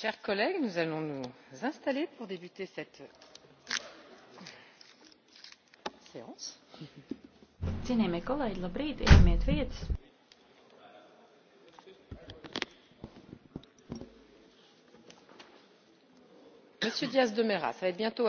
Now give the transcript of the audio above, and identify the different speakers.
Speaker 1: chers collègues nous allons nous installer pour débuter cette séance. Cienījamie kolēģi, labrīt, ieņemiet vietas.
Speaker 2: Monsieur Diaz de Mera, ça va être bientôt